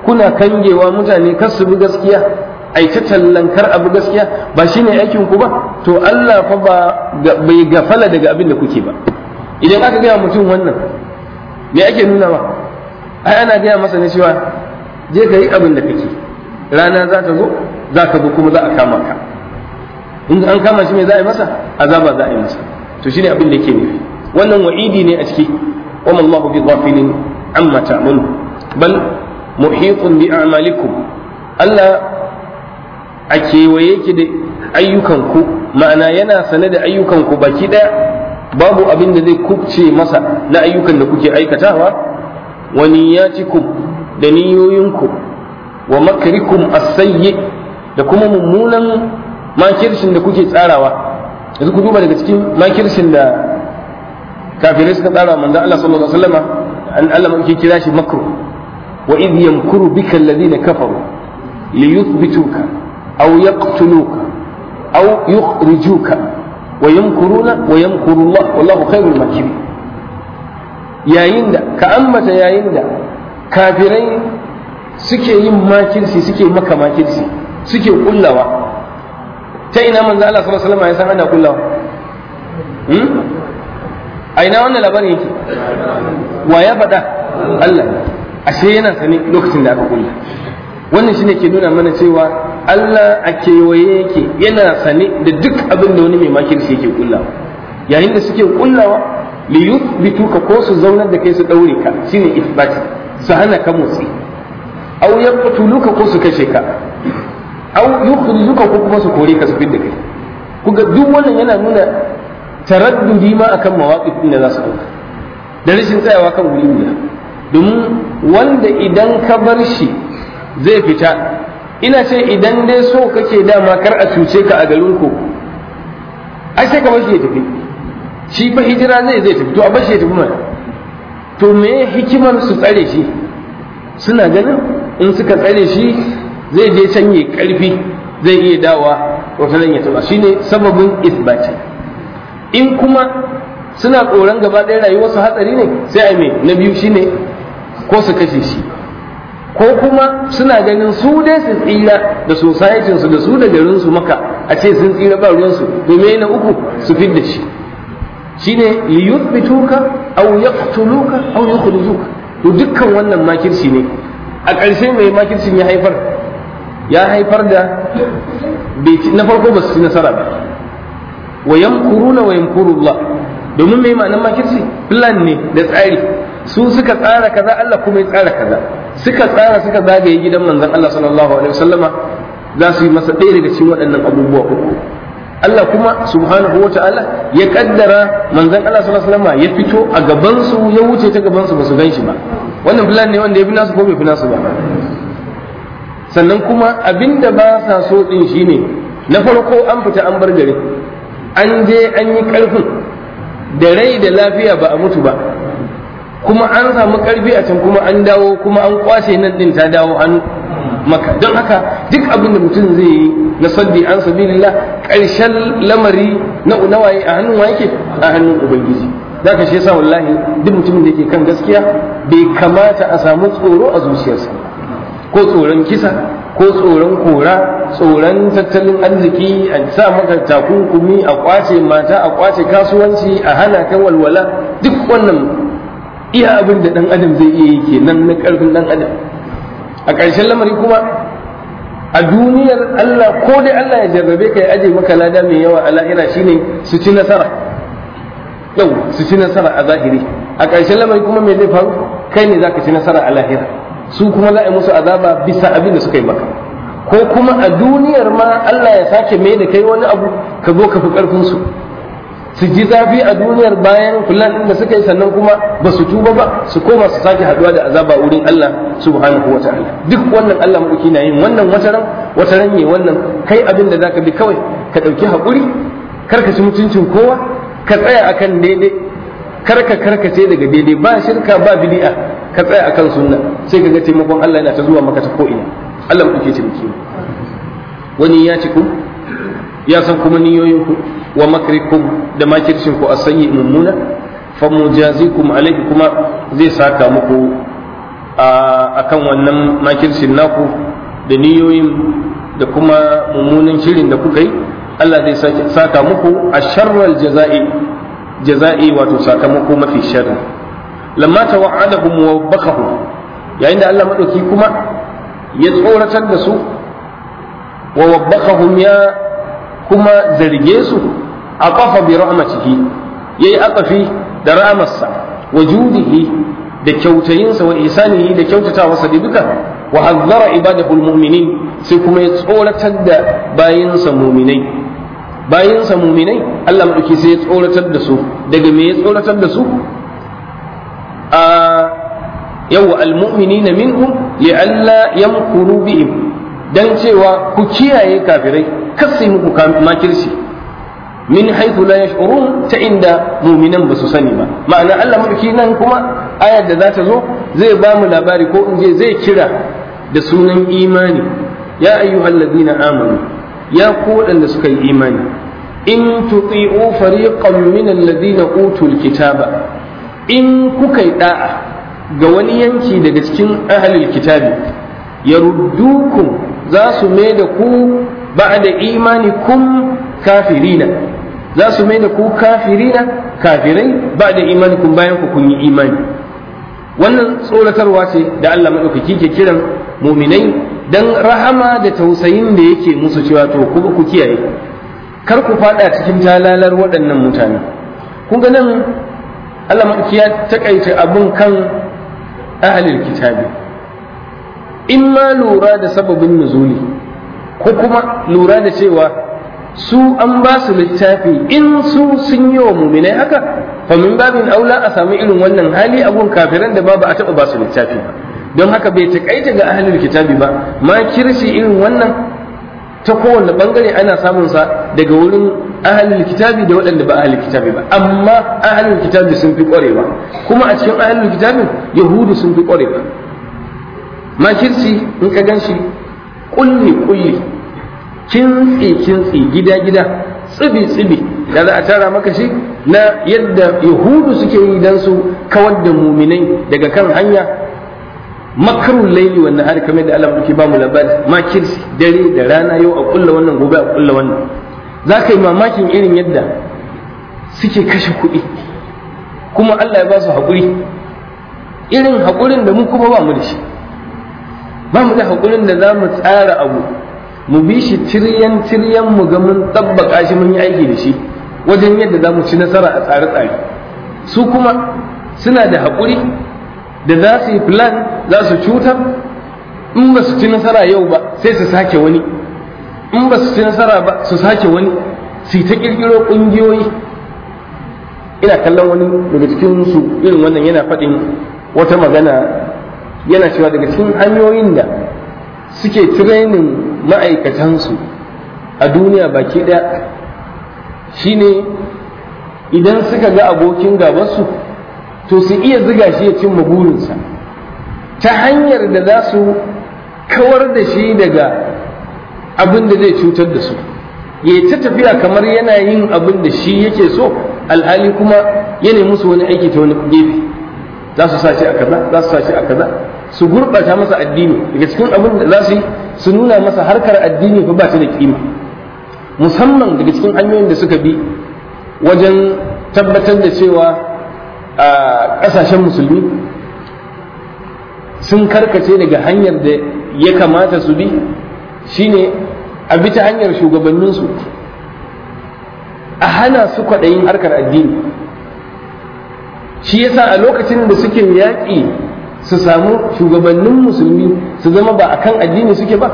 kuna kangewa mutane kar su bi gaskiya ai ta tallan abu gaskiya ba shine aikin ku ba to Allah fa ba bai gafala daga abin da kuke ba idan aka gaya mutum wannan me ake nuna ba ai ana gaya masa ne cewa je ka yi abin da kake rana za ta zo za ka zo kuma za a kama ka in an kama shi me za a yi masa azaba za a yi masa to shine abin da yake nufi wannan wa'idi ne a ciki wa Allahu bi ghafilin amma ta'malun bal muhitun bi a'malikum Allah a kewaye ki da ayyukanku ma'ana yana sane da ayyukanku baki ɗaya babu abin da zai kubce masa na ayyukan da kuke aikatawa wa niyyatikum da niyoyinku wa makrikum as-sayyi da kuma mummunan makirshin da kuke tsarawa yanzu ku duba daga cikin makirshin da kafirai suka tsara manzo Allah sallallahu alaihi wasallam an Allah mai kira shi makru wa idh yamkuru bika alladhina kafaru liyuthbituka aw yaqtuluka aw yayin da ka ambata yayin kafirai suke yin makirsi suke maka suke kullawa ta ina manzo Allah sallallahu alaihi wasallam ya ana kullawa a ina wannan labarin yake wa faɗa Allah ashe yana sani lokacin da aka kulla wannan ne ke nuna mana cewa Allah a kewaye yake yana sane da duk abin da wani mai makirci yake kullawa yayin da suke kullawa li ka ko su zaunar da kai su daure ka shine ithbat su hana ka motsi aw yaqtuluka ko su kashe ka aw yukhrijuka ko kuma su kore ka su fidda kai kuga duk wannan yana nuna taraddudi ma akan mawaqif da za su dauka da rashin tsayawa kan wuri guda domin wanda idan ka bar shi zai fita ina ce idan dai so kake dama kar a cuce ka a garin ku ai sai ka shi ya tafi shi fa hijira zai zai tafi to a bashi ya tafi mana to me hikimar su tsare shi suna ganin in suka tsare shi zai je can ya karfi zai iya dawa wata nan ya taba shine sababin isbati in kuma suna tsoron gaba ɗaya rayuwarsu hatsari ne sai a me na biyu shine ko su kashe shi ko kuma suna ganin su dai su tsira da societin su da su da garin su maka a ce sun tsira ba ruwan su domin na uku su fidda shi shine li yuthbituka aw yaqtuluka aw yukhrijuka to dukkan wannan makirci ne a ƙarshe mai makircin ya haifar ya haifar da na farko ba su ci nasara ba wa yamkuruna wa yamkurullah domin mai ma'anar makirci plan ne da tsari su suka tsara kaza Allah kuma ya tsara kaza suka tsara suka zagaye gidan manzon Allah sallallahu alaihi wasallama za su yi masa ɗaya daga cikin waɗannan abubuwa uku Allah kuma subhanahu wa ya kaddara manzon Allah sallallahu alaihi wasallama ya fito a gaban su ya wuce ta gaban su ba su gan shi ba wannan plan ne wanda ya fi nasu ko bai fi nasu ba sannan kuma abinda ba sa so din shine na farko an fita an bar gari an je an yi karfin da rai da lafiya ba a mutu ba kuma an samu karfi a can kuma an dawo kuma an kwashe nan din ta dawo an maka don haka duk abin da mutum zai yi na sabbi an sabilillah ƙarshen lamari na unawaye a hannun wa yake a hannun ubangiji ka shi yasa wallahi duk mutumin da ke kan gaskiya bai kamata a samu tsoro a zuciyarsa ko tsoron kisa ko tsoron kora tsoron tattalin arziki a sa maka takunkumi a kwace mata a kwace kasuwanci a hana ta walwala duk wannan iya abin da dan adam zai iya yi kenan na karfin dan adam a ƙarshen lamari kuma a duniyar Allah ko dai Allah ya jarrabe ka ya aje maka lada mai yawa a lahira shine su ci nasara yau su ci nasara a zahiri a ƙarshen lamari kuma me zai faru kai ne zaka ci nasara a lahira su kuma za a yi musu azaba bisa abin da suka yi maka ko kuma a duniyar ma Allah ya sake mai da kai wani abu ka zo ka fi ƙarfin su su ji zafi a duniyar bayan kullum da suka yi sannan kuma ba su tuba ba su koma su sake haduwa da azaba wurin Allah subhanahu wa ta'ala duk wannan Allah madauki na yin wannan wataran wataran ne wannan kai abin da zaka bi kawai ka dauki hakuri kar ka ci mutuncin kowa ka tsaya akan daidai kar ka karkace daga daidai ba shirka ba bid'a ka tsaya akan sunna sai ka ga taimakon Allah yana ta zuwa maka ta ko'ina Allah madauki ce miki wani ya ci ku ya san kuma niyoyin ku wa makrikum da makircin ku sanyi mummuna fa mujazikum alaihi kuma zai saka muku a kan wannan makircin naku da niyoyin da kuma mummunan shirin da kuka yi Allah zai saka muku a sharral jaza'i jaza'i wato sakamako mafi sharri lamma tawa'adahum wa bakahum yayin da Allah madauki kuma ya tsoratar da su wa wabbakahum ya kuma zarge su aqafa bi rahmatihi yayi aqafi da rahmarsa wa judihi da kyautayinsa wa isanihi da kyautatawarsa da duka wa hazzara ibadahul mu'minin sai kuma ya tsoratar da bayinsa mu'minai bayinsa mu'minai Allah madauki sai ya tsoratar da su daga me ya tsoratar da su a dan cewa ku kiyaye kafirai kasai muku makirci min haythu la yash'urun ta inda mu'minan ba su sani ba ma'ana Allah mulki nan kuma aya da za ta zo zai ba mu labari ko in je zai kira da sunan imani ya ayyuhallazina amanu ya ku waɗanda suka yi imani in tuti'u fariqan min alladhina utul kitaba in kuka yi da'a ga wani yanki daga cikin ahlul kitabi ku za su mai da ku ba'da imani kum kafirina za su mai da ku kafirina kafirai ba da imanikum bayan ku kun yi imani wannan tsoratarwa ce da Allah maɗaukaki ke kiran muminai dan rahama da tausayin da yake musu cewa to ku kiyaye kar ku faɗa cikin talalar waɗannan mutane kun ga nan Allah maɗaukaki ya takaita abun kan ahlul kitabi in ma lura da sababin nuzuli ko kuma lura da cewa su an ba su littafi in su sun yi wa muminai haka fa min babin aula a sami irin wannan hali abun kafiran da babu a taba ba su littafi ba don haka bai takaita ga ahlul kitabi ba ma kirsi irin wannan ta kowane bangare ana samun sa daga wurin ahlul kitabi da waɗanda ba ahlul kitabi ba amma ahlul kitabi sun fi ƙwarewa kuma a cikin ahlul kitabi yahudu sun fi ƙwarewa ma kirsi in ka gan shi kulli kulli kintsi kintsi gida gida tsibi tsibi da za a tara maka shi na yadda yahudu suke yi dan su kawar da muminai daga kan hanya makarun laili wannan har kamar da Allah muke ba mu labari kirsi, dare da rana yau a kulla wannan gobe a kulla wannan za ka yi mamakin irin yadda suke kashe kuɗi kuma Allah ya ba su haƙuri irin haƙurin da mu kuma ba mu da shi ba mu da haƙurin da za mu tsara abu mu bi shi tiryan tiryan mu ga mun tabbaka shi mun yi aiki da shi wajen yadda za mu ci nasara a tsare-tsare su kuma suna da haƙuri da za su yi plan za su cutar in ba su ci nasara yau ba sai su sake wani in ba su ci nasara ba su sake wani su ta ƙirƙiro ƙungiyoyi ina kallon wani daga cikin su irin wannan yana faɗin wata magana yana cewa daga cikin hanyoyin da suke tirenin ma'aikatansu a duniya baki ɗaya ne idan suka ga abokin gabansu to su iya ziga shi ya cimma burinsa ta hanyar da za su kawar da shi daga abin da zai cutar da su ya ta tafiya kamar yana yin abin da shi yake so alhali kuma yana musu wani aiki ta wani gefe za su sa shi a kaza za su sa shi a kaza su gurɓata masa addini daga cikin abin da za su yi su nuna masa harkar addini fa ba ta da kima musamman daga cikin hanyoyin da suka bi wajen tabbatar da cewa a ƙasashen musulmi sun karkace daga hanyar da ya kamata su bi shine a bi ta hanyar shugabanninsu a hana su kwaɗayin harkar addini shi yasa a lokacin da suke yaƙi su samu shugabannin musulmi su zama ba a kan addini suke ba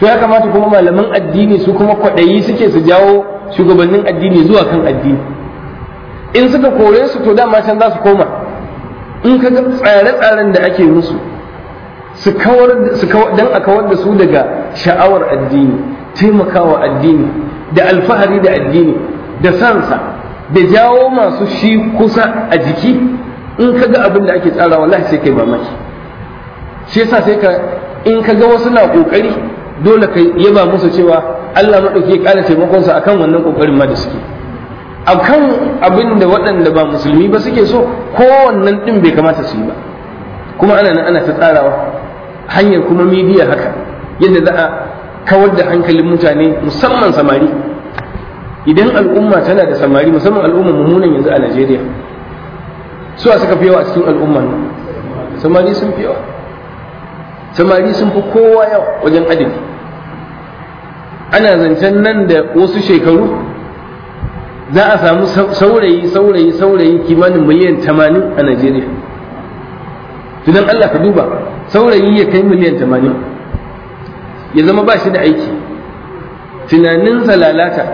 to ya kamata kuma malaman addini su kuma kwaɗayi suke su jawo shugabannin addini zuwa kan addini in suka kore su to dama can za su koma in ka tsare-tsaren da ake musu su kawar don a kawar da su daga sha'awar addini taimakawa addini da alfahari da addini da sansa da jawo masu shi kusa a jiki in ka ga abin da ake tsara wallahi sai kai mamaki shi yasa sai ka in ka ga wasu na kokari dole ka yaba musu cewa Allah madauki ya kara taimakon su akan wannan kokarin ma da suke akan abin da waɗanda ba musulmi ba suke so ko wannan din bai kamata su yi ba kuma ana nan ana ta tsarawa hanyar kuma midiya haka yadda za a kawar da hankalin mutane musamman samari idan al'umma tana da samari musamman al'umma mummunan yanzu a Najeriya suwa suka fi yawa a cikin al'umman samari sun fi yawa samari sun fi kowa yawa wajen adadi ana zancen nan da wasu shekaru za a samu saurayi saurayi saurayi kimanin miliyan tamanin a najeriya tunan allah ka duba saurayi ya kai miliyan tamanin ya zama ba shi da aiki tunaninsa lalata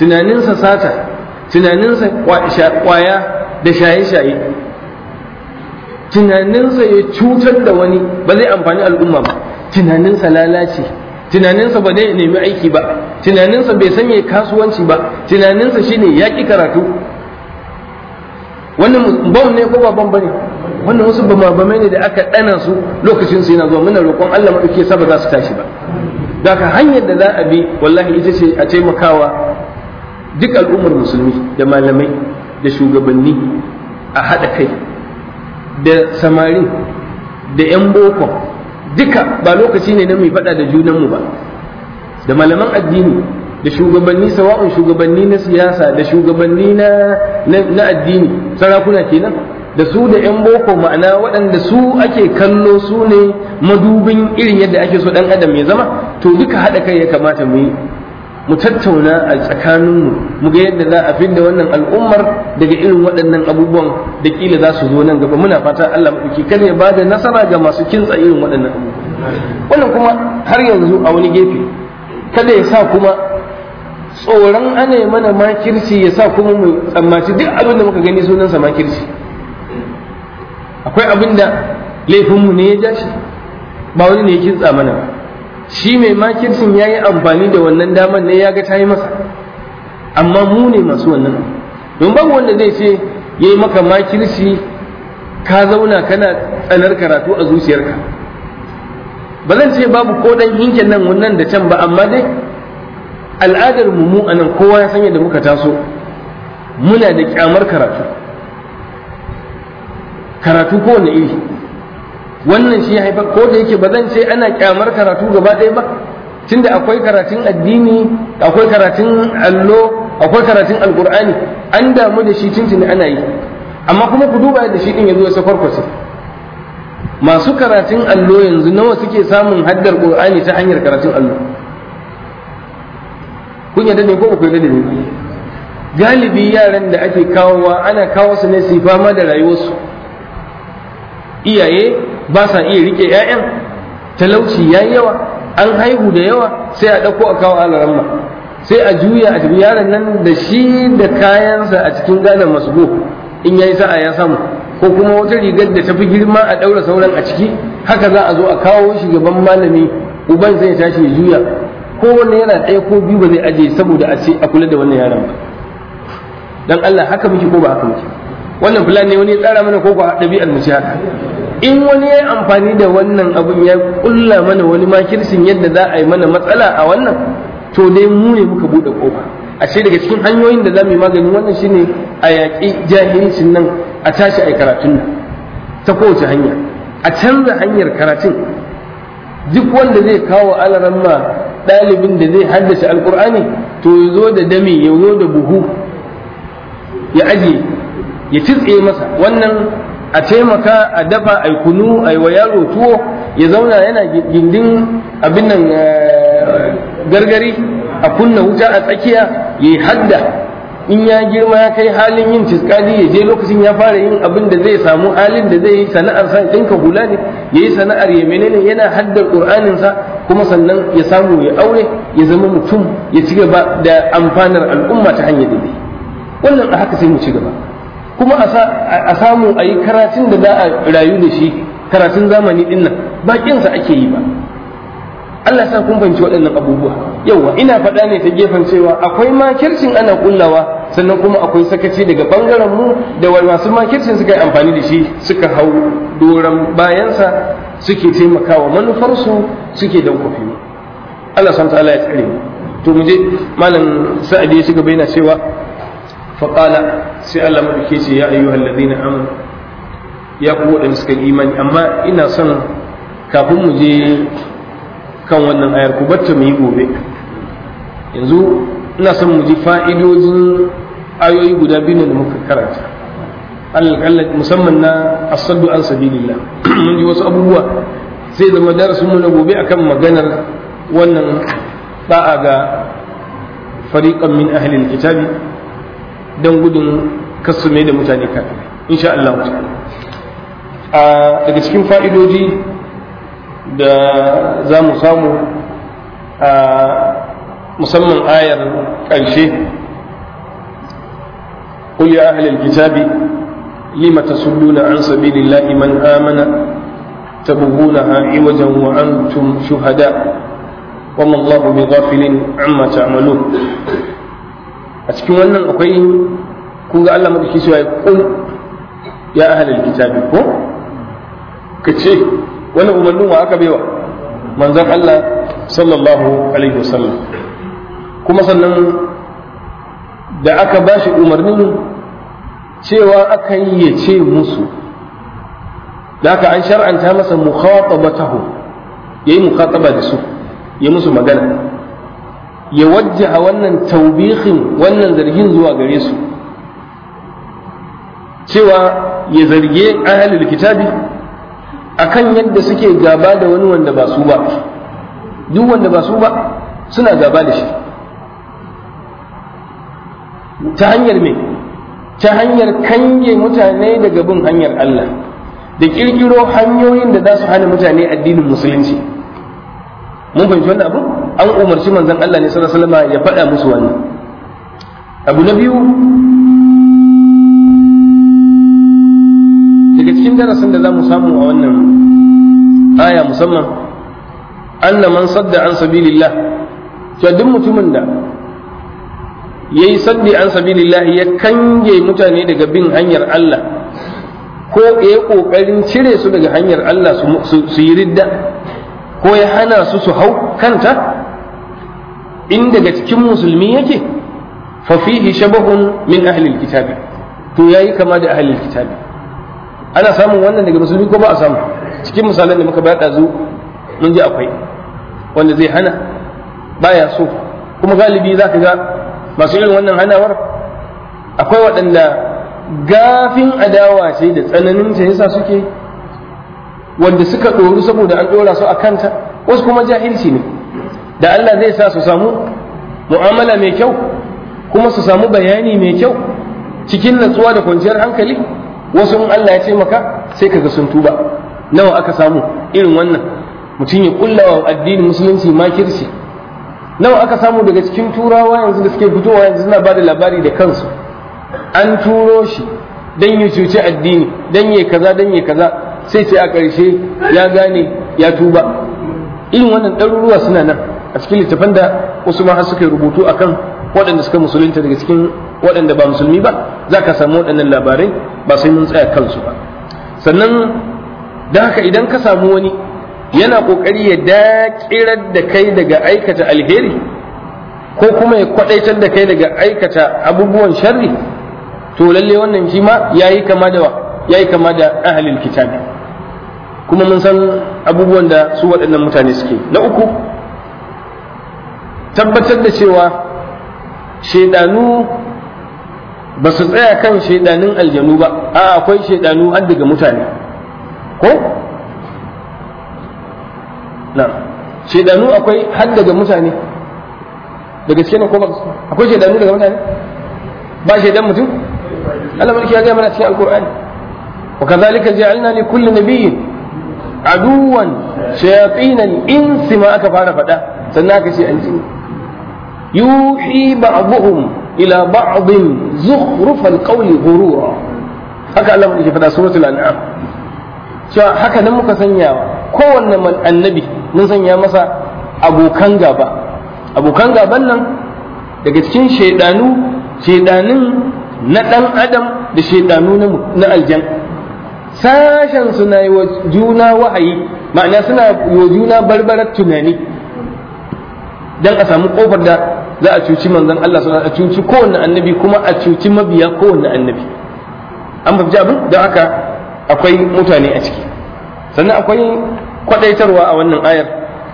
tunaninsa sata tunaninsa kwaya da shaye-shaye tunaninsa ya cutar da wani ba zai amfani al'umma ba tunaninsa lalace tunaninsa ba zai nemi aiki ba tunaninsa bai sanya kasuwanci ba tunaninsa shine ya ƙi karatu wannan bam ne ko ba bane wannan wasu bamabamai ne da aka ɗana su lokacin su yana zuwa muna roƙon Allah maɗauke sa ba za su tashi ba da aka hanyar da za a bi wallahi ita ce a taimakawa duk al'ummar musulmi da malamai da shugabanni a haɗa kai da samari da 'yan bokon duka ba lokaci ne na mai faɗa da mu ba da malaman addini da shugabanni sawa'un shugabanni na siyasa da shugabanni na addini sarakuna kenan da su da 'yan boko ma'ana waɗanda su ake kallo su ne madubin irin yadda ake so ɗan adam ya zama to duka haɗa kai ya kamata mu yi mu tattauna a tsakaninmu mu ga yadda za a fidda wannan al'ummar daga irin waɗannan abubuwan da kila za su zo nan gaba muna fata Allah maɗauki kan ya bada nasara ga masu kintsa irin waɗannan abubuwan wannan kuma har yanzu a wani gefe kada ya sa kuma tsoron ana mana makirci ya sa kuma mu tsammaci duk abin da muka gani sunansa makirci akwai abin da laifinmu ne ya ja shi ba wani ne ya kintsa mana ba shi mai makircin ya yi amfani da wannan damar ne ya ga ta yi masa amma mu ne masu wannan don babu wanda zai ce ya yi maka makirci ka zauna kana tsanar karatu a zuciyarka ba zan ce babu ko dan hinken nan wannan da can ba amma dai al'adar mu mu anan kowa ya sanya da muka taso muna da kyamar karatu karatu kowane iri wannan shi haifar ko da yake ba zan ce ana kyamar karatu gaba ɗaya ba tunda akwai karatun addini akwai karatun allo akwai karatun Alƙur'ani, an damu da shi tuntuni ana yi amma kuma ku duba da shi din yazo ya sakwarkwasa masu karatun allo yanzu nawa suke samun haddar qur'ani ta hanyar karatun allo kun yadda ne ko ku yadda ne galibi yaran da ake kawowa ana kawo su ne su fama da rayuwarsu iyaye ba sa iya rike 'ya'yan talauci ya yi yawa an haihu da yawa sai a ɗauko a kawo alaramma sai a juya a tafi yaron nan da shi da kayansa a cikin gadon masgo in ya yi sa'a ya samu ko kuma wata rigar da tafi girma a ɗaura sauran a ciki haka za a zo a kawo shi gaban malami uban zai tashi ya juya ko wanne yana ɗaya ko biyu ba zai aje saboda a ce a kula da wannan yaron ba dan Allah haka muke ko ba haka muke wannan fulani ne wani ya tsara mana koko a ɗabi'ar mu haka in wani ya yi amfani da wannan abun ya kulla mana wani makirsin yadda za a yi mana matsala a wannan to dai mu ne muka buɗe ƙofa a ce daga cikin hanyoyin da za mu yi maganin wannan shine a yaƙi jahilcin nan a tashi a yi karatun nan ta kowace hanya a canza hanyar karatun duk wanda zai kawo alaramma ɗalibin da zai haddace alƙur'ani to ya zo da dami ya zo da buhu ya ajiye ya tsitse masa wannan a taimaka a dafa a kunu a wa yaro tuwo ya zauna yana gindin abin nan eh, gargari a kunna wuta a tsakiya ya hadda in ya girma ya kai halin yin tiskali ya je lokacin ya fara yin abin da zai samu halin da zai yi sana'ar sa ka hula ne ya yi sana'ar ya menene yana haddar ƙur'aninsa, sa kuma sannan ya samu ya aure ya zama mutum ya ci gaba da amfanar al'umma ta hanyar daidai wannan a haka sai mu ci gaba kuma a samu a yi karatun da za a rayu da shi karatun zamani din nan bakinsa ake yi ba Allah sa kun fahimci waɗannan abubuwa yauwa ina faɗa ne ta gefen cewa akwai makircin ana kullawa sannan kuma akwai sakaci daga bangaren mu da masu makircin suka yi amfani da shi suka hau doron bayansa suke taimakawa manufarsu suke dan kofi Allah ta ta'ala ya tsare to mu je malam sa'adi ya shiga bayyana cewa faƙala sai Allah maɗauke ce ya ayyuhal ladina amanu ya ku waɗanda suka yi imani amma ina son kafin mu je kan wannan ayar ku batta mu yi gobe yanzu ina son mu ji fa'idojin ayoyi guda biyu da muka karanta alƙalla musamman na asaddu an sabilillah mun ji wasu abubuwa sai zama darasin mu na gobe akan maganar wannan da'a ga fariqan min ahli kitabi. Dan gudun kasu mai da mutane kafin insha Allah a daga cikin fa’idoji da za mu samu a musamman ayar ƙarshe ƙuliyar ahalar gitabi lima ta suluna an sabi lillahi man amana ta buhuna ha iwajen wa'antum shuhada wa mallahu bi ghafilin amma ta amalu a cikin wannan akwai kun ga Allah madauki shi ya kun ya ahlul kitabi ko Ka ce wannan umarnin wa aka baiwa manzon Allah sallallahu alaihi wasallam kuma sannan da aka bashi umarnin cewa aka yi ya ce musu da aka an shar'anta masa mukhatabatahu yayi mukhataba da su yayi musu magana ya wajja a wannan taubihin wannan zargin zuwa gare su cewa ya zarge ahalul kitabi a kan yadda suke gaba da wani wanda ba su ba duk wanda ba su ba suna gaba da shi ta hanyar me ta hanyar kange mutane daga bin hanyar Allah da kirkiro hanyoyin da za su hana mutane addinin musulunci mun fahimci wannan abu an umarci manzon Allah ne sallallahu alaihi wasallam ya faɗa musu wannan abu na biyu daga cikin darasin da za mu samu a wannan aya musamman anna man sadda an sabilillah to duk mutumin da yayi saddi an sabilillah ya kange mutane daga bin hanyar Allah ko ya ƙoƙarin cire su daga hanyar Allah su yi ridda ko ya hana su su hau kanta in daga cikin musulmi yake fa fihi shabahun min ahli alkitabi to yayi kama da ahli alkitabi ana samun wannan daga musulmi ko ba a samu cikin misalan da muka bayar zu mun ji akwai wanda zai hana baya so kuma galibi zaka ga masu irin wannan hanawar akwai waɗanda gafin adawa ce da tsananin ta yasa suke wanda suka ɗoru saboda an ɗora su a kanta wasu kuma jahilci ne da Allah zai sa su samu mu'amala mai kyau kuma su samu bayani mai kyau cikin natsuwa da kwanciyar hankali wasu in Allah ya ce maka sai kaga sun tuba nawa aka samu irin wannan mutum ya kulla wa addinin musulunci ma makirci nawa aka samu daga cikin turawa yanzu da suke fitowa yanzu suna ba da labari da kansu an turo shi dan ya cuci addini dan ya kaza dan ya kaza sai ce a ƙarshe ya gane ya tuba irin wannan ɗaruruwa suna nan a cikin littafan da wasu ma har suka rubutu a kan waɗanda suka musulunta daga cikin waɗanda ba musulmi ba za ka samu waɗannan labarai ba sai mun tsaya kansu ba sannan da haka idan ka samu wani yana ƙoƙari ya daƙirar da kai daga aikata alheri ko kuma ya kwaɗaitar da kai daga aikata abubuwan sharri to lalle wannan shi ma ya yi kama da wa ya yi kama da ahalin kitabi kuma mun san abubuwan da su waɗannan mutane suke na uku tabbatar da cewa shaidanu ba su tsaya kan shaidanin aljanu ba a akwai shaidanu har daga mutane ko na shaidanu akwai har daga mutane Daga gaske ne ko ba akwai shaidanu daga mutane ba shaidan mutum Allah ya ga mana cikin alqur'ani wa kadhalika ja'alna li kulli nabiyyin aduwan shayatin al-insi ma aka fara fada sannan aka ce aljini yuhi ba'dhum ila ba'd zukhruf al-qawli ghurura haka Allah yake fada suratul an'am cewa haka nan muka sanya kowanne annabi mun sanya masa abokan gaba abokan gaban nan daga cikin shaidanu shaidanin na ɗan adam da shaidanu na aljan sashen suna yi wa juna wa'ayi ma'ana suna yi wa juna barbarar tunani don a samu ƙofar da za a cuci manzon Allah sallallahu alaihi wasallam a cuci kowanne annabi kuma a cuci mabiya kowanne annabi an fahimci abin don haka akwai mutane a ciki sannan akwai kwadaitarwa a wannan ayar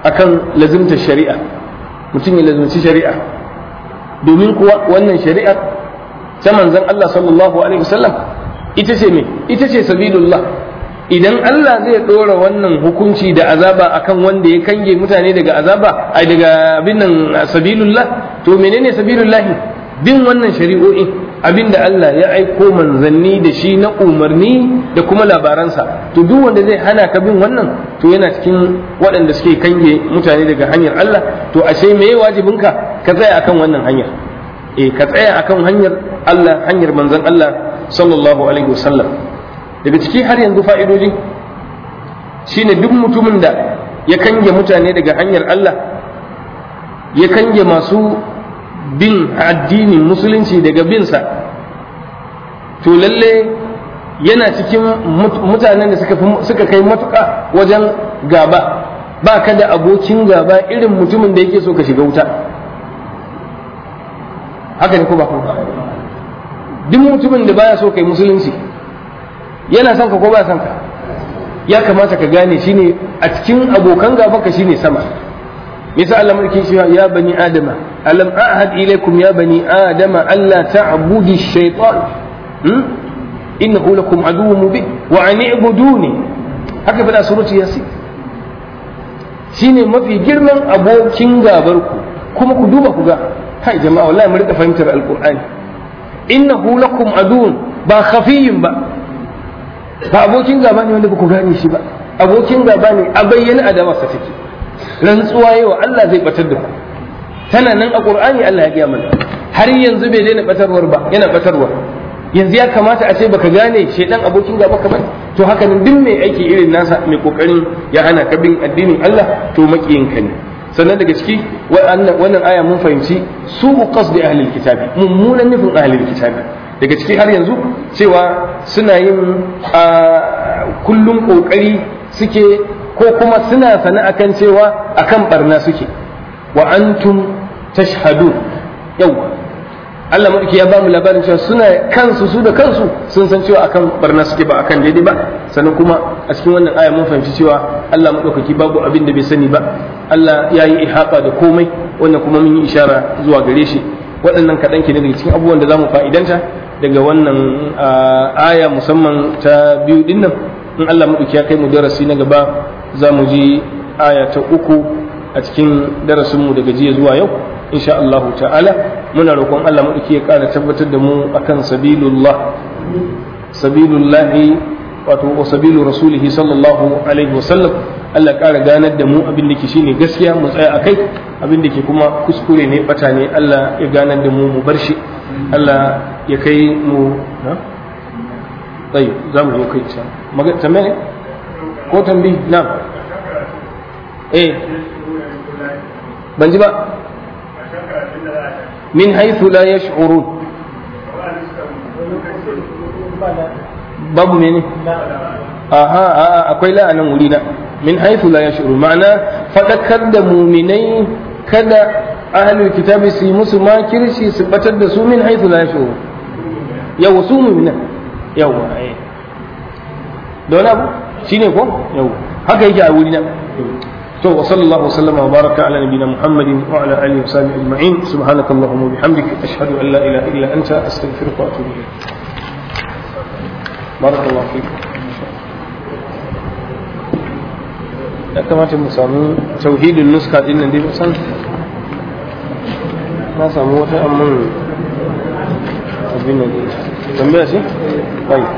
akan lazimta shari'a mutum ya lazimci shari'a domin kuwa wannan shari'ar ta manzon Allah sallallahu alaihi wasallam ita ce me ita ce sabilullah idan Allah zai ɗora wannan hukunci da azaba akan wanda ya kange mutane daga azaba ai daga abin nan sabilullah to menene sabilullahi bin wannan shari'o'i abinda Allah ya aiko manzanni da shi na umarni da kuma labaransa to duk wanda zai hana ka bin wannan to yana cikin waɗanda suke kange mutane daga hanyar Allah to ashe me wajibinka ka tsaya akan wannan hanyar eh ka tsaya akan hanyar Allah hanyar manzon Allah sallallahu alaihi wasallam daga ciki har yanzu fa'idodi ne duk mutumin da ya kange mutane daga hanyar Allah ya kange masu bin addinin musulunci daga binsa to lalle yana cikin mutanen da suka kai matuka wajen gaba ba ka da abokin gaba irin mutumin da yake so ka shiga wuta haka ne ko ba duk mutumin da baya so kai musulunci yana son ka ko ba son ka ya kamata ka gane shine a cikin abokan gaba ka shine sama yasa Allah mulki shi ya bani adama alam ahad ilaikum ya bani adama alla ta'budu shaytan hmm? innahu lakum aduwwun mubin wa an ibuduni haka fada surati yasin shine mafi girman abokin gabar ku kuma ku duba ku ga kai jama'a wallahi mu rika fahimtar alqur'ani innahu lakum aduwwun ba khafiyyun ba ba abokin gaba ne wanda ku gane shi ba abokin gaba ne a bayyana adawarsa take rantsuwa yawa Allah zai batar da ku tana nan a Qur'ani Allah ya gaya mana har yanzu bai daina batarwar ba yana batarwa yanzu ya kamata a ce baka gane shedan abokin gaba kamar to haka nan duk mai aiki irin nasa mai kokarin ya hana ka bin addinin Allah to ka ne sannan daga ciki wannan aya mun fahimci su qasdi ahlil kitabi mummunan nufin ahlil kitabi daga ciki har yanzu cewa suna yin kullum kokari suke ko kuma suna a kan cewa akan barna suke wa antum tashhadu yawa Allah mulki ya ba mu labarin cewa suna kansu su da kansu sun san cewa akan barna suke ba akan daidai ba sannan kuma a cikin wannan aya mun fahimci cewa Allah madaukaki babu abin da bai sani ba Allah ya yi ihaka da komai wannan kuma mun yi ishara zuwa gare shi waɗannan kaɗan ke ne daga cikin abubuwan da za mu fa'idanta daga wannan aya musamman ta biyu din in Allah maɗauki ya kai mu darasi na gaba za mu ji aya ta uku a cikin darasinmu daga jiya zuwa yau insha Allah ta'ala muna roƙon Allah maɗauki ya ƙara tabbatar da mu akan sabilullah sabilullahi wato wa sabilu rasulihi sallallahu alaihi wasallam Allah ƙara ganar da mu abin da ke shine gaskiya mu tsaya akai abin da ke kuma kuskure ne bata ne Allah ya ganar da mu mu bar shi Allah ya kai mu na tsayi za mu zo kai can magana ne? ko tambi na eh ban ji ba min haifu la ya yash'urun babu mene aha akwai la'anan wuri na min haifu la ya yash'urun ma'ana faɗakar da muminai kada ahlul kitabi su yi musu makirci su batar da su min haifu la ya yash'urun yawa su mu'minan yawa eh da wani abu shine ko yawa haka yake a wuri na to wa sallallahu sallama wa baraka ala nabiyina muhammadin wa ala alihi wa sahbihi ajma'in subhanaka allahumma wa bihamdika ashhadu an la ilaha illa anta astaghfiruka wa atubu ilayk barakallahu fikum ya kamata mu samu tauhidin nuska din nan dai san na samu wata الدنيا دي سميها